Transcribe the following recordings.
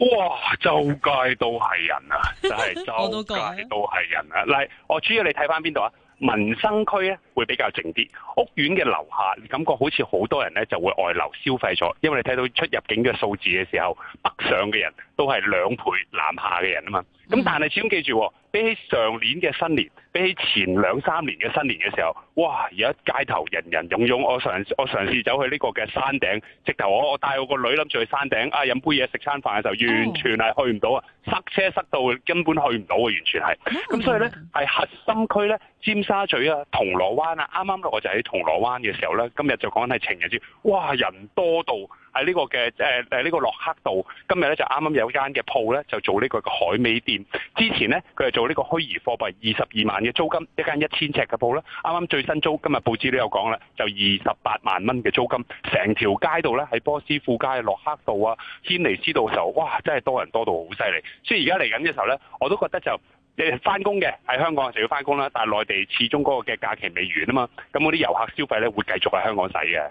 哇！周街都係人啊， 真係周街都係人啊！嗱，我主要你睇翻邊度啊？民生區啊！會比較靜啲，屋苑嘅樓下，感覺好似好多人咧就會外流消費咗，因為你睇到出入境嘅數字嘅時候，北上嘅人都係兩倍，南下嘅人啊嘛。咁、嗯、但係始終記住，哦、比起上年嘅新年，比起前兩三年嘅新年嘅時候，哇！而家街頭人人湧湧，我嘗我嘗試走去呢個嘅山頂，直頭我我帶我個女諗住去山頂啊飲杯嘢食餐飯嘅時候，完全係去唔到啊，塞車塞到根本去唔到啊，完全係。咁、嗯、所以呢，係核心區呢，尖沙咀啊，銅鑼灣。啱啱我就喺銅鑼灣嘅時候咧，今日就講緊係情人節，哇人多到喺呢個嘅呢、呃呢個洛克道，今日咧就啱啱有間嘅鋪咧就做呢個海味店，之前咧佢係做呢個虛擬貨幣二十二萬嘅租金一間一千尺嘅鋪啦，啱啱最新租今日報紙都有講啦，就二十八萬蚊嘅租金，成條街道咧喺波斯富街、洛克道啊、軒尼詩道嘅時候，哇真係多人多到好犀利，所以而家嚟緊嘅時候咧，我都覺得就。你翻工嘅喺香港就要翻工啦，但係內地始終嗰個嘅假期未完啊嘛，咁嗰啲遊客消費咧會繼續喺香港使嘅。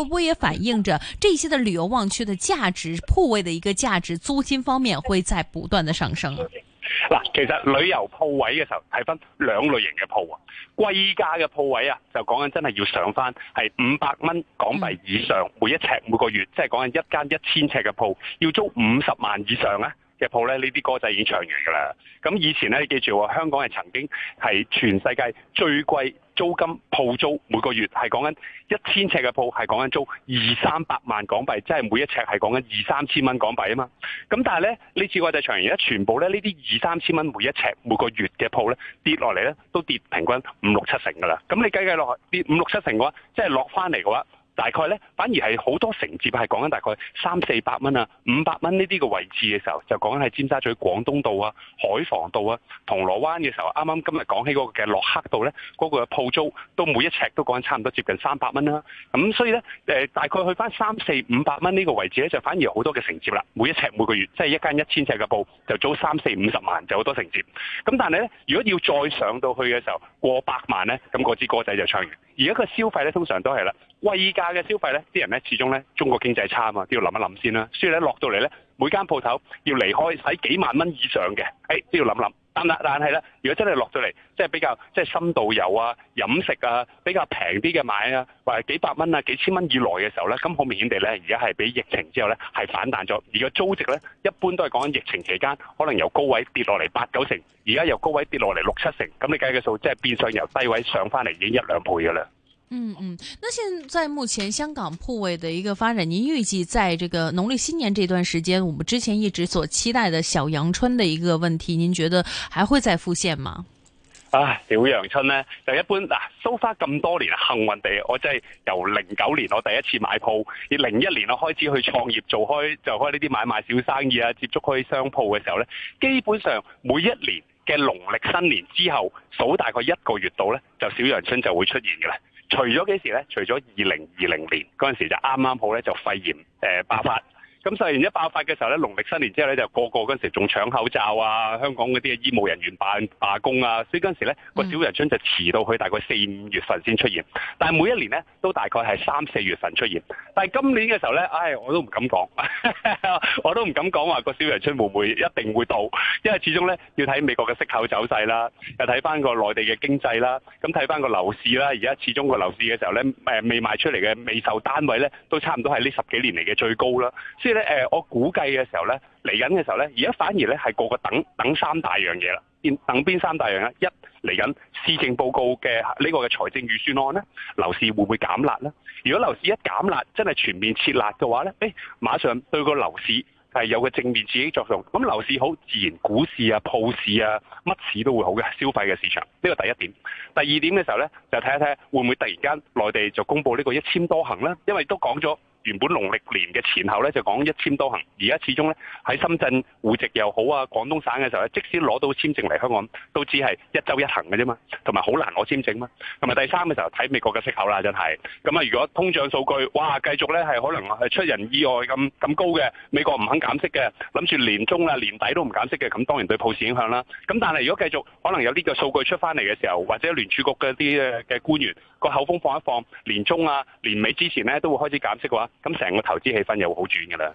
會唔會也反映着這些的旅遊旺區的價值鋪位的一個價值租金方面會在不斷的上升？嗱，其實旅遊鋪位嘅時候係分兩類型嘅鋪啊，貴價嘅鋪位啊，就講緊真係要上翻係五百蚊港幣以上、嗯、每一尺每個月，即係講緊一間一千尺嘅鋪要租五十萬以上咧嘅鋪咧，呢啲歌仔已經唱完噶啦。咁以前咧，你記住啊，香港係曾經係全世界最貴。租金鋪租每個月，係講緊一千尺嘅鋪，係講緊租二三百萬港幣，即係每一尺係講緊二三千蚊港幣啊嘛。咁但係咧，呢次國際場而家全部咧，呢啲二三千蚊每一尺每個月嘅鋪咧，跌落嚟咧都跌平均五六七成㗎啦。咁你計計落跌五六七成嘅話，即係落翻嚟嘅話。大概咧，反而係好多承接係講緊大概三四百蚊啊、五百蚊呢啲個位置嘅時候，就講緊喺尖沙咀廣東道啊、海防道啊、銅鑼灣嘅時候，啱啱今日講起嗰個嘅駱克道咧，嗰、那個鋪租都每一尺都講緊差唔多接近三百蚊啦、啊。咁所以咧、呃，大概去返三四五百蚊呢個位置咧，就反而好多嘅承接啦。每一尺每個月，即、就、係、是、一間一千尺嘅鋪，就租三四五十萬就好多承接。咁但係咧，如果要再上到去嘅時候，過百萬咧，咁嗰支歌仔就唱完。而家個消費咧，通常都係啦，貴價嘅消費咧，啲人咧，始終咧中國經濟差啊嘛，都要諗一諗先啦、啊。所以咧落到嚟咧，每間鋪頭要離開使幾萬蚊以上嘅，誒、哎、都要諗諗。但係但係咧，如果真係落咗嚟，即係比較即係深度遊啊、飲食啊比較平啲嘅買啊，或係幾百蚊啊、幾千蚊以內嘅時候咧，咁好明顯地咧，而家係比疫情之後咧係反彈咗。而個租值咧，一般都係講緊疫情期間可能由高位跌落嚟八九成，而家由高位跌落嚟六七成，咁你計嘅數即係變相由低位上翻嚟已經一兩倍噶啦。嗯嗯，那現在目前香港鋪位的一個發展，您預計在這個農曆新年這段時間，我們之前一直所期待的小陽春的一個問題，您覺得還會再復現嗎？啊，小陽春呢，就一般嗱，so far 咁多年，幸運地我真係由零九年我第一次買鋪，而零一年我開始去創業做開就開呢啲買賣小生意啊，接觸開商鋪嘅時候呢，基本上每一年嘅農曆新年之後數大概一個月度呢，就小陽春就會出現嘅啦。除咗幾時呢？除咗二零二零年嗰陣時就啱啱好咧，就肺炎誒爆發。咁肺炎一爆發嘅時候咧，農曆新年之後咧就個個嗰陣時仲搶口罩啊！香港嗰啲醫務人員罷罷工啊！所以嗰陣時咧、個小陽春就遲到去大概四五月份先出現，但係每一年咧都大概係三四月份出現。但係今年嘅時候咧，唉，我都唔敢講， 我都唔敢講話個小陽春會唔會一定會到，因為始終咧要睇美國嘅息口走勢啦，又睇翻個內地嘅經濟啦，咁睇翻個樓市啦。而家始終個樓市嘅時候咧，誒未賣出嚟嘅未售單位咧都差唔多係呢十幾年嚟嘅最高啦。即係我估計嘅時候呢，嚟緊嘅時候呢，而家反而呢，係個個等等三大樣嘢啦。等邊三大樣嘅？一嚟緊，施政報告嘅呢個嘅財政預算案呢，樓市會唔會減辣呢？如果樓市一減辣，真係全面撤辣嘅話呢，誒、哎，馬上對個樓市係有個正面刺激作用。咁樓市好，自然股市啊、鋪市啊、乜市都會好嘅，消費嘅市場。呢個第一點。第二點嘅時候呢，就睇一睇會唔會突然間內地就公布呢個一簽多行呢？因為都講咗。原本農曆年嘅前後咧就講一簽多行，而家始終咧喺深圳戶籍又好啊，廣東省嘅時候咧，即使攞到簽證嚟香港，都只係一周一行嘅啫嘛，同埋好難攞簽證嘛，同埋第三嘅時候睇美國嘅息口啦，真係咁啊！如果通脹數據哇繼續咧係可能係出人意外咁咁高嘅，美國唔肯減息嘅，諗住年中啊年底都唔減息嘅，咁當然對鋪市影響啦。咁但係如果繼續可能有呢個數據出翻嚟嘅時候，或者聯儲局嘅啲嘅官員個口風放一放，年中啊年尾之前咧都會開始減息嘅話，咁成個投資氣氛又好轉嘅啦。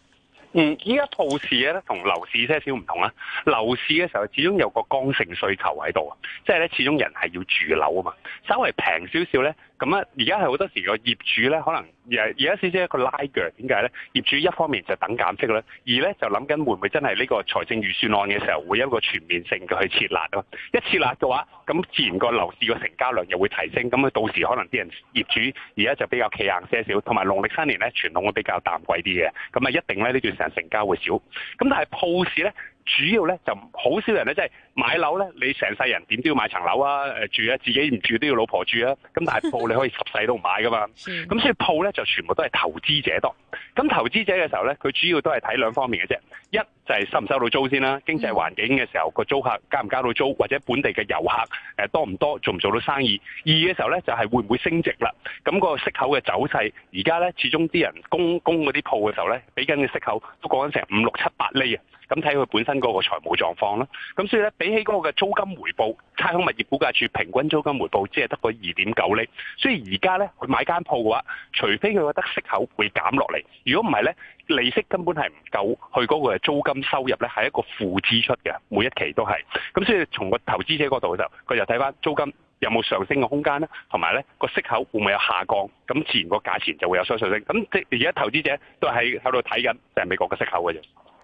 嗯，依家套市咧同樓市有少少唔同啊，樓市嘅時候始終有個剛性需求喺度啊，即係咧始終人係要住樓啊嘛，稍微平少少咧。咁啊，而家係好多時個業主咧，可能而家少少一個拉腳，點解咧？業主一方面就等減息啦，而咧就諗緊會唔會真係呢個財政預算案嘅時候會有一個全面性嘅去撤辣啊？一撤辣嘅話，咁自然個樓市個成交量又會提升，咁啊到時可能啲人業主而家就比較企硬些少，同埋農曆新年咧傳統會比較淡季啲嘅，咁啊一定咧呢段時間成交會少。咁但係鋪市咧，主要咧就好少人咧，即係。買樓咧，你成世人點都要買層樓啊？住啊，自己唔住都要老婆住啊。咁但係鋪你可以十世都唔買噶嘛。咁 所以鋪咧就全部都係投資者多。咁投資者嘅時候咧，佢主要都係睇兩方面嘅啫。一就係、是、收唔收到租先啦、啊，經濟環境嘅時候個租客加唔加到租，或者本地嘅遊客誒多唔多，做唔做到生意。二嘅時候咧就係、是、會唔會升值啦。咁、那個息口嘅走勢，而家咧始終啲人供供嗰啲鋪嘅時候咧，俾緊嘅息口都講緊成五六七八厘啊。咁睇佢本身嗰個財務狀況啦、啊。咁所以咧。比起嗰個嘅租金回報，差餉物業估價署平均租金回報只係得個二點九厘，所以而家咧佢買間鋪嘅話，除非佢覺得息口會減落嚟，如果唔係咧，利息根本係唔夠去嗰個租金收入咧，係一個負支出嘅每一期都係。咁所以從個投資者嗰度就，佢就睇翻租金有冇上升嘅空間咧，同埋咧個息口會唔會有下降，咁自然個價錢就會有上升。咁即而家投資者都係喺度睇緊就係美國嘅息口嘅啫。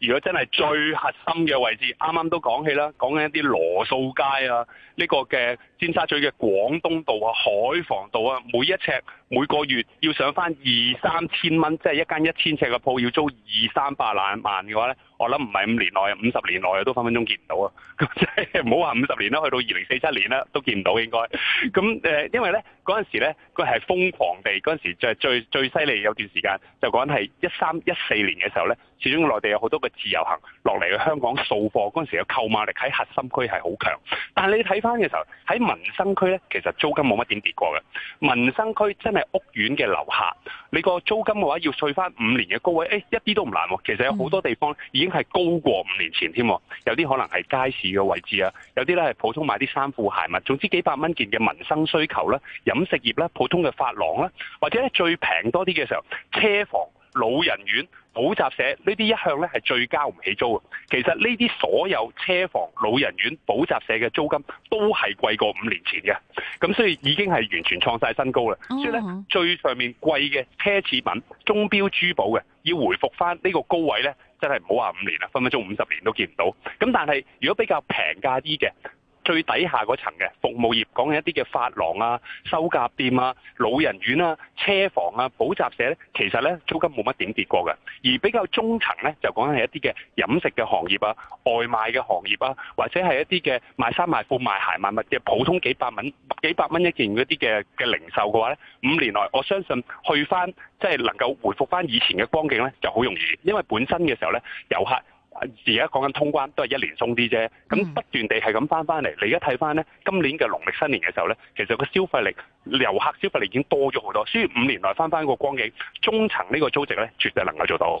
如果真係最核心嘅位置，啱啱都講起啦，講緊一啲羅素街啊，呢個嘅尖沙咀嘅廣東道啊、海防道啊，每一尺每個月要上返二三千蚊，即係一間一千尺嘅鋪要租二三百萬萬嘅話呢。我諗唔係五年內啊，五十年內都分分鐘見唔到啊！咁即係唔好話五十年啦，去到二零四七年啦都見唔到應該。咁、嗯、誒，因為咧嗰陣時咧，佢係瘋狂地嗰陣時就係最最犀利有段時間，就講係一三一四年嘅時候咧，始終內地有好多個自由行落嚟香港掃貨，嗰陣時嘅購買力喺核心區係好強。但係你睇翻嘅時候，喺民生區咧，其實租金冇乜點跌過嘅。民生區真係屋苑嘅樓下。你個租金嘅話要退翻五年嘅高位，哎、一啲都唔難喎、哦。其實有好多地方已經係高過五年前添，有啲可能係街市嘅位置啊，有啲咧係普通買啲衫褲鞋襪，總之幾百蚊件嘅民生需求啦，飲食業啦，普通嘅髮廊啦，或者咧最平多啲嘅時候，車房、老人院。補習社呢啲一向呢係最交唔起租。其實呢啲所有車房、老人院、補習社嘅租金都係貴過五年前嘅，咁所以已經係完全創晒新高啦。Mm -hmm. 所以呢，最上面貴嘅奢侈品、鐘錶、珠寶嘅要回復翻呢個高位呢，真係唔好話五年啦，分分鐘五十年都見唔到。咁但係如果比較平價啲嘅。最底下嗰層嘅服務業，講緊一啲嘅髮廊啊、修甲店啊、老人院啊、車房啊、補習社咧，其實咧租金冇乜點跌過嘅。而比較中層咧，就講緊係一啲嘅飲食嘅行業啊、外賣嘅行業啊，或者係一啲嘅賣衫賣褲賣鞋賣物嘅普通幾百蚊、幾百蚊一件嗰啲嘅嘅零售嘅話咧，五年來我相信去翻即係能夠回復翻以前嘅光景咧，就好容易，因為本身嘅時候咧，遊客。而家講緊通關都係一年鬆啲啫，咁不斷地係咁翻翻嚟。你而家睇翻呢，今年嘅農曆新年嘅時候呢，其實個消費力、遊客消費力已經多咗好多。雖然五年來翻翻個光景，中層呢個租值呢，絕對能夠做到。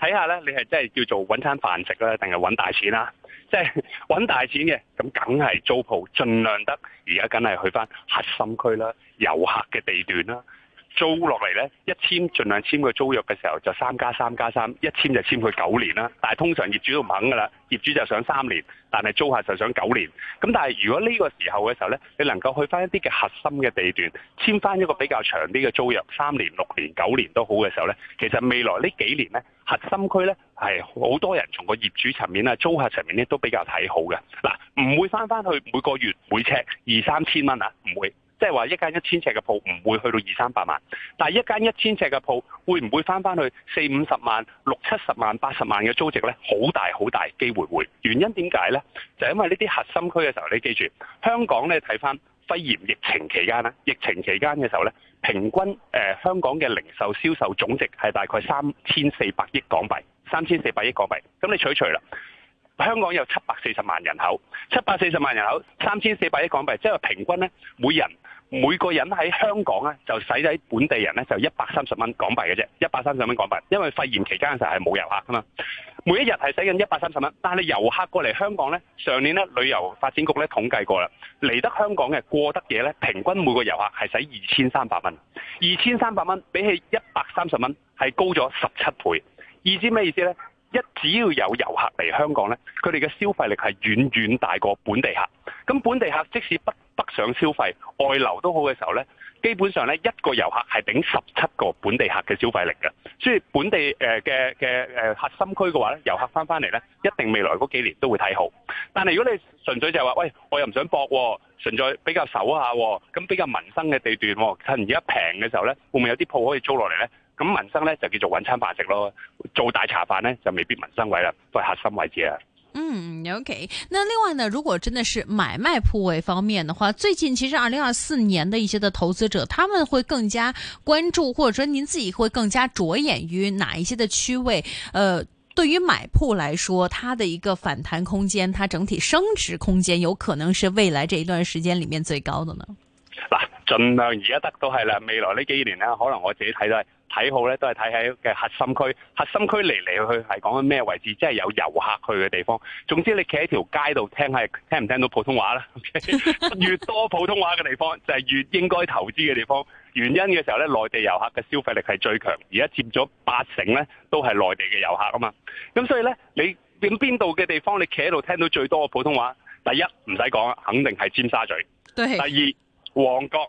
睇下咧，你係真係叫做搵餐飯食啦，定係搵大錢啦？即係搵大錢嘅，咁梗係租鋪，盡量得。而家梗係去返核心區啦，遊客嘅地段啦。租落嚟呢，一簽儘量簽佢租約嘅時候就三加三加三，一簽就簽佢九年啦。但係通常業主都唔肯噶啦，業主就想三年，但係租客就想九年。咁但係如果呢個時候嘅時候呢，你能夠去返一啲嘅核心嘅地段，簽返一個比較長啲嘅租約，三年、六年、九年都好嘅時候呢，其實未來呢幾年呢，核心區呢係好多人從個業主層面啊、租客層面呢都比較睇好嘅。嗱，唔會返返去每個月每尺二三千蚊啊，唔會。即係話一間一千尺嘅鋪唔會去到二三百萬，但係一間一千尺嘅鋪會唔會翻翻去四五十萬、六七十萬、八十萬嘅租值呢？好大好大機會會。原因點解呢？就係因為呢啲核心區嘅時候，你記住，香港呢睇翻肺炎疫情期間呢，疫情期間嘅時候呢，平均，呃，香港嘅零售銷售總值係大概三千四百億港幣，三千四百億港幣。咁你取除啦，香港有七百四十萬人口，七百四十萬人口三千四百億港幣，即係平均呢，每人。每個人喺香港咧，就使喺本地人咧就一百三十蚊港幣嘅啫，一百三十蚊港幣，因為肺炎期間嘅時候係冇遊客噶嘛，每一日係使緊一百三十蚊，但係你遊客過嚟香港咧，上年咧旅遊發展局咧統計過啦，嚟得香港嘅過得嘢咧，平均每個遊客係使二千三百蚊，二千三百蚊比起一百三十蚊係高咗十七倍，意思咩意思咧？一只要有遊客嚟香港呢，佢哋嘅消費力係遠遠大過本地客。咁本地客即使不不想消費，外流都好嘅時候呢，基本上呢一個遊客係頂十七個本地客嘅消費力嘅。所以本地誒嘅嘅核心區嘅話呢，遊客翻翻嚟呢，一定未來嗰幾年都會睇好。但係如果你純粹就係話，「喂，我又唔想搏、啊，純粹比較守下、啊，咁比較民生嘅地段、啊，趁而家平嘅時候呢，會唔會有啲鋪可以租落嚟呢？」咁民生呢，就叫做揾餐飯食咯，做大茶飯呢，就未必民生位啦，都係核心位置啊。嗯，OK。那另外呢，如果真的是買賣鋪位方面的話，最近其實二零二四年的一些的投資者，他們會更加關注，或者說您自己會更加着眼於哪一些的區位？呃，對於買鋪來說，它的一個反彈空間，它整體升值空間，有可能是未來這一段時間裏面最高的呢。嗱，盡量而家得都係啦。未來呢幾年呢，可能我自己睇都係。睇好咧，都係睇喺嘅核心區。核心區嚟嚟去去係講緊咩位置？即係有遊客去嘅地方。總之你企喺條街度聽，係聽唔聽到普通話啦？Okay? 越多普通話嘅地方，就係越應該投資嘅地方。原因嘅時候咧，內地遊客嘅消費力係最強。而家佔咗八成咧，都係內地嘅遊客啊嘛。咁所以咧，你點邊度嘅地方，你企喺度聽到最多嘅普通話，第一唔使講，肯定係尖沙咀。 第二旺角，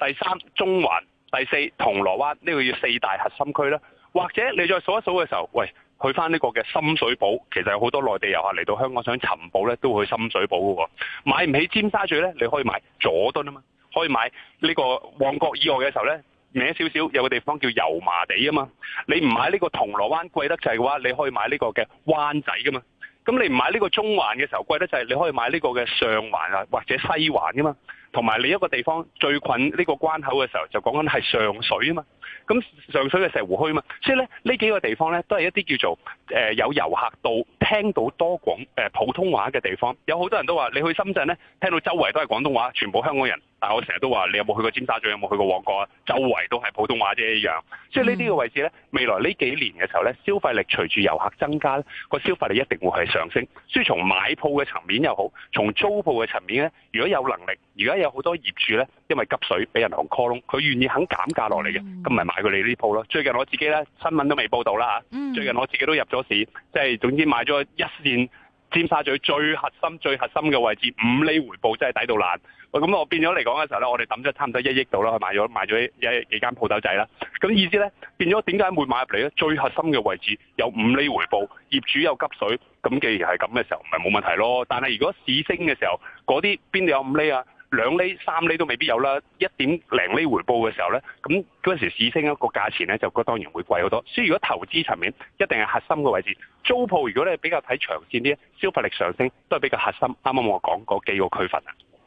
第三中環。第四，銅鑼灣呢個叫四大核心區啦，或者你再數一數嘅時候，喂，去返呢個嘅深水埗，其實有好多內地遊客嚟到香港想尋寶咧，都會去深水埗嘅喎。買唔起尖沙咀咧，你可以買佐敦啊嘛，可以買呢個旺角以外嘅時候咧，歪少少有個地方叫油麻地啊嘛。你唔買呢個銅鑼灣貴得滯嘅話，你可以買呢個嘅灣仔啊嘛。咁你唔買呢個中環嘅時候貴得滯，你可以買呢個嘅上環啊或者西環嘅嘛。同埋另一個地方最近呢個關口嘅時候，就講緊係上水啊嘛，咁上水嘅石湖墟啊嘛，所以咧呢幾個地方咧都係一啲叫做、呃、有遊客到聽到多廣、呃、普通話嘅地方，有好多人都話你去深圳咧聽到周圍都係廣東話，全部香港人。但係我成日都話，你有冇去過尖沙咀？有冇去過旺角啊？周圍都係普通話啫一樣。所以呢呢個位置呢，未來呢幾年嘅時候呢，消費力隨住遊客增加呢，個消費力一定會係上升。所以從買鋪嘅層面又好，從租鋪嘅層面呢，如果有能力，而家有好多業主呢，因為急水俾銀行 call，佢願意肯減價落嚟嘅，咁，mm-hmm，咪買過你呢啲鋪咯。最近我自己呢，新聞都未報道啦吓，mm-hmm。最近我自己都入咗市，即係總之買咗一線。尖沙咀最核心、最核心嘅位置，五厘回報真係抵到爛。喂，咁我變咗嚟講嘅時候咧，我哋揼咗差唔多億一億度啦，買咗買咗一幾間鋪頭仔啦。咁意思咧，變咗點解會買入嚟咧？最核心嘅位置有五厘回報，業主有急水，咁既然係咁嘅時候，唔係冇問題咯。但係如果市升嘅時候，嗰啲邊度有五厘啊？兩厘、三厘都未必有啦，一點零厘回報嘅時候呢，咁嗰陣時市升一個價錢呢，就當然會貴好多。所以如果投資層面，一定係核心嘅位置。租鋪如果你比較睇長線啲，消費力上升都係比較核心。啱啱我講嗰幾個區份。啊。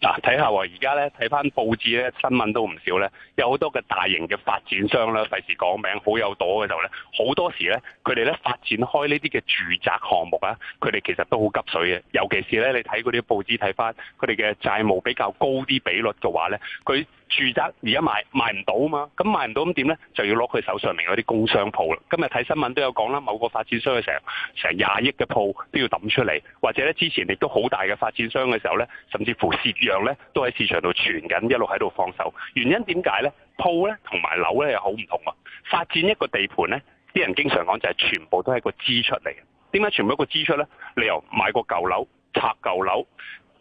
嗱、啊，睇下喎，而家咧睇翻報紙咧，新聞都唔少咧，有好多嘅大型嘅發展商啦，費事講名，好有朵嘅時候咧，好多時咧，佢哋咧發展開呢啲嘅住宅項目啊，佢哋其實都好急水嘅，尤其是咧，你睇嗰啲報紙睇翻，佢哋嘅債務比較高啲比率嘅話咧，佢。住宅而家賣賣唔到啊嘛，咁賣唔到咁點呢？就要攞佢手上面嗰啲工商鋪啦。今日睇新聞都有講啦，某個發展商佢成成廿億嘅鋪都要抌出嚟，或者呢之前亦都好大嘅發展商嘅時候呢，甚至乎蝕讓呢都喺市場度傳緊，一路喺度放手。原因點解呢？鋪呢同埋樓呢又好唔同啊！發展一個地盤呢，啲人經常講就係全部都係個支出嚟。點解全部一個支出呢？你由買個舊樓拆舊樓，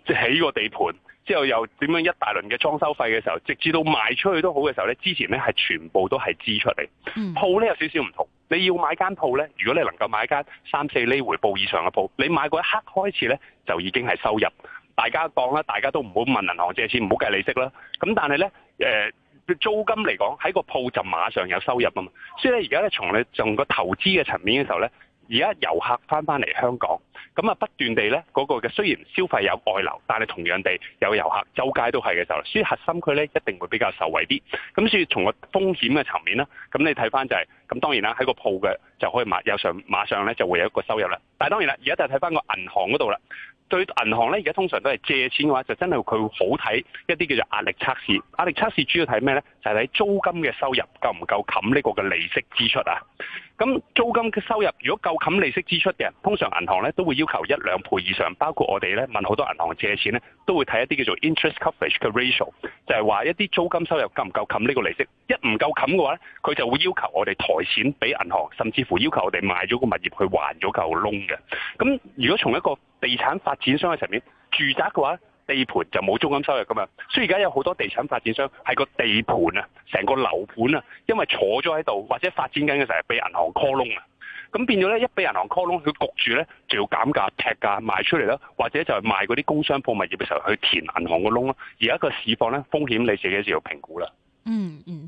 即起個地盤。之後又點樣一大輪嘅裝修費嘅時候，直至到賣出去都好嘅時候呢，之前呢係全部都係支出嚟。鋪呢有少少唔同，你要買間鋪呢，如果你能夠買間三四厘回報以上嘅鋪，你買嗰一刻開始呢就已經係收入。大家當啦，大家都唔好問銀行借錢，唔好計利息啦。咁但係呢，誒、呃、租金嚟講，喺個鋪就馬上有收入啊嘛。所以咧，而家呢從你從個投資嘅層面嘅時候呢。而家遊客翻翻嚟香港，咁啊不斷地呢嗰、那個嘅雖然消費有外流，但係同樣地有遊客周街都係嘅時候，所以核心區呢一定會比較受惠啲。咁所以從個風險嘅層面呢咁你睇翻就係、是、咁，當然啦喺個鋪嘅就可以馬有上馬上呢就會有一個收入啦。但係當然啦，而家就睇翻個銀行嗰度啦。對銀行咧，而家通常都係借錢嘅話，就真係佢好睇一啲叫做壓力測試。壓力測試主要睇咩咧？就係睇租金嘅收入夠唔夠冚呢個嘅利息支出啊。咁租金嘅收入如果夠冚利息支出嘅，通常銀行咧都會要求一兩倍以上。包括我哋咧問好多銀行借錢咧，都會睇一啲叫做 interest coverage 嘅 ratio，就係話一啲租金收入夠唔夠冚呢個利息？一唔夠冚嘅話咧，佢就會要求我哋抬錢俾銀行，甚至乎要求我哋賣咗個物業去還咗嚿窿嘅。咁如果從一個地產發展商喺上面，住宅嘅話地盤就冇租金收入噶嘛，所以而家有好多地產發展商係個地盤啊，成個樓盤啊，因為坐咗喺度或者發展緊嘅時候，俾銀行 call 窿啊，咁變咗咧一俾銀行 call 窿，佢焗住咧就要減價、踢價賣出嚟啦，或者就係賣嗰啲工商鋪物業嘅時候去填銀行個窿咯，而家個市況咧風險你自己就要評估啦。嗯嗯。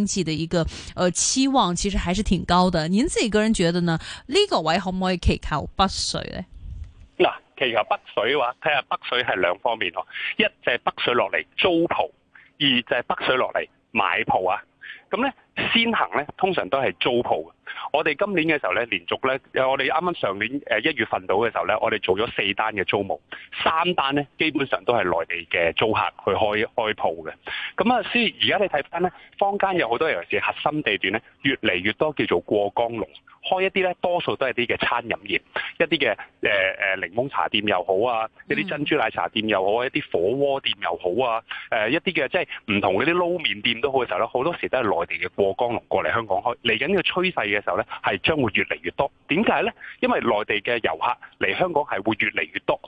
經濟嘅一個，呃，期望其實還是挺高的。您自己個人覺得呢？呢、這個位可唔可以祈求北水呢？嗱，祈求北水話，睇下北水係兩方面，一就係北水落嚟租鋪，二就係北水落嚟買鋪啊。咁呢。先行咧，通常都係租鋪。我哋今年嘅時候咧，連續咧，我哋啱啱上年誒一月份到嘅時候咧，我哋做咗四單嘅租務，三單咧基本上都係內地嘅租客去開開鋪嘅。咁啊，先而家你睇翻咧，坊間有好多尤其是核心地段咧，越嚟越多叫做過江龍，開一啲咧，多數都係啲嘅餐飲業，一啲嘅、呃、檸檬茶店又好啊，一啲珍珠奶茶店又好啊，一啲火鍋店又好啊，呃、一啲嘅即係唔同嗰啲撈麵店都好嘅時候咧，好多時都係內地嘅過過江龍過嚟香港開，嚟緊呢個趨勢嘅時候呢係將會越嚟越多。點解呢？因為內地嘅遊客嚟香港係會越嚟越多。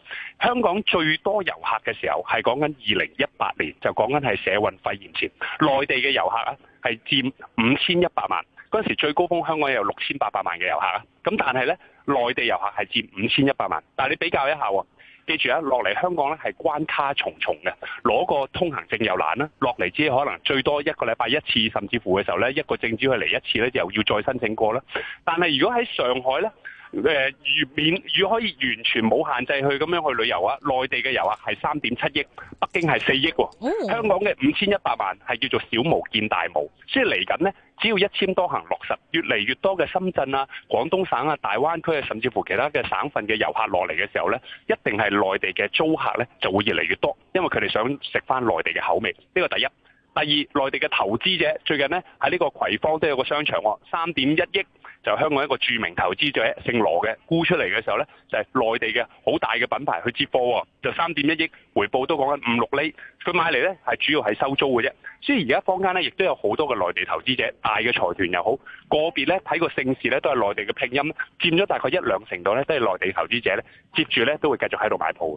香港最多遊客嘅時候係講緊二零一八年，就講緊係社運肺炎前，內地嘅遊客啊係佔五千一百萬。嗰陣時最高峰香港有六千八百萬嘅遊客啊，咁但係呢，內地遊客係佔五千一百萬，但係你比較一下喎。記住啊，落嚟香港咧係關卡重重嘅，攞個通行證又難啦。落嚟只可能最多一個禮拜一次，甚至乎嘅時候咧，一個證只去嚟一次咧，就又要再申請過啦。但係如果喺上海咧。誒、呃，免如果可以完全冇限制去咁樣去旅遊啊！內地嘅遊客係三點七億，北京係四億喎，mm. 香港嘅五千一百萬係叫做小巫見大巫，所以嚟緊呢，只要一簽多行落實，越嚟越多嘅深圳啊、廣東省啊、大灣區啊，甚至乎其他嘅省份嘅遊客落嚟嘅時候呢，一定係內地嘅租客呢就會越嚟越多，因為佢哋想食翻內地嘅口味，呢、這個第一。第二，內地嘅投資者最近呢喺呢個葵芳都有個商場喎、啊，三點一億。就香港一個著名投資者姓羅，姓羅嘅沽出嚟嘅時候呢，就係、是、內地嘅好大嘅品牌去接貨喎，就三點一億，回報都講緊五六厘。佢買嚟呢係主要係收租嘅啫，所以而家坊間呢亦都有好多嘅內地投資者，大嘅財團又好，個別呢睇個姓氏呢都係內地嘅拼音，佔咗大概一兩成度呢，都係內地投資者呢接住呢都會繼續喺度買鋪。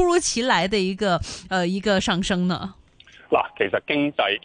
突如其來的一個，呃，一個上升呢？嗱，其實經濟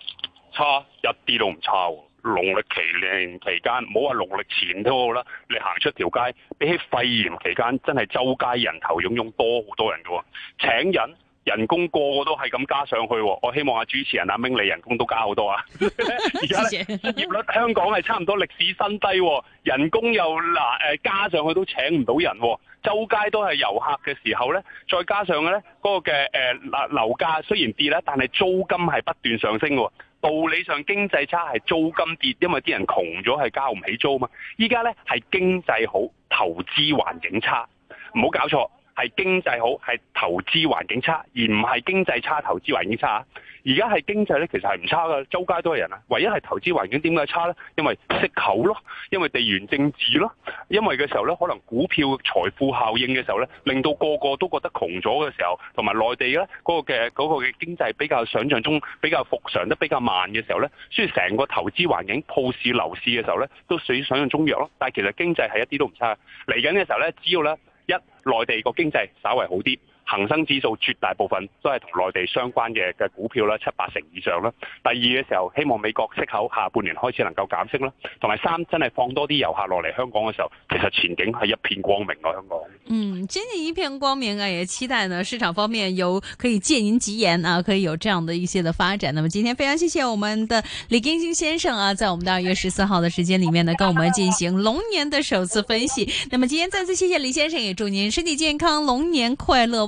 差一啲都唔差喎。農曆新年期間，唔好話農曆前都好啦，你行出條街，比起肺炎期間，真係周街人頭湧湧多好多人噶，請人。人工個個都係咁加上去、哦，我希望阿主持人阿明理，你人工都加好多啊！而 家在呢 失業率香港係差唔多歷史新低、哦，人工又嗱、呃、加上去都請唔到人、哦，周街都係遊客嘅時候咧，再加上咧嗰、那個嘅誒嗱樓價雖然跌咧，但係租金係不斷上升喎、哦。道理上經濟差係租金跌，因為啲人窮咗係交唔起租嘛。依家咧係經濟好，投資環境差，唔好搞錯，係經濟好，係投資環境差，而唔係經濟差，投資環境差。而家係經濟呢，其實係唔差嘅，周街都係人啊。唯一係投資環境點解差呢？因為息口咯，因為地緣政治咯，因為嘅時候呢，可能股票財富效應嘅時候呢，令到個個都覺得窮咗嘅時候，同埋內地呢、嗰個，嗰、嗰個嘅嗰個嘅經濟比較想象中比較復常得比較慢嘅時候呢。所以成個投資環境鋪市樓市嘅時候呢，都屬於想象中弱咯。但係其實經濟係一啲都唔差的，嚟緊嘅時候呢，只要呢。一內地個經濟稍微好啲。恒生指數絕大部分都係同內地相關嘅嘅股票啦，七八成以上啦。第二嘅時候，希望美國息口下半年開始能夠減息啦。同埋三真係放多啲遊客落嚟香港嘅時候，其實前景係一片光明個、啊、香港。嗯，真係一片光明啊！也期待呢市場方面有，可以借您吉言啊，可以有這樣的一些嘅發展。那麼今天非常謝謝我們的李根興先生啊，在我們二月十四號嘅時間裡面呢，跟我們進行龍年的首次分析。那麼今天再次謝謝李先生，也祝您身體健康，龍年快樂！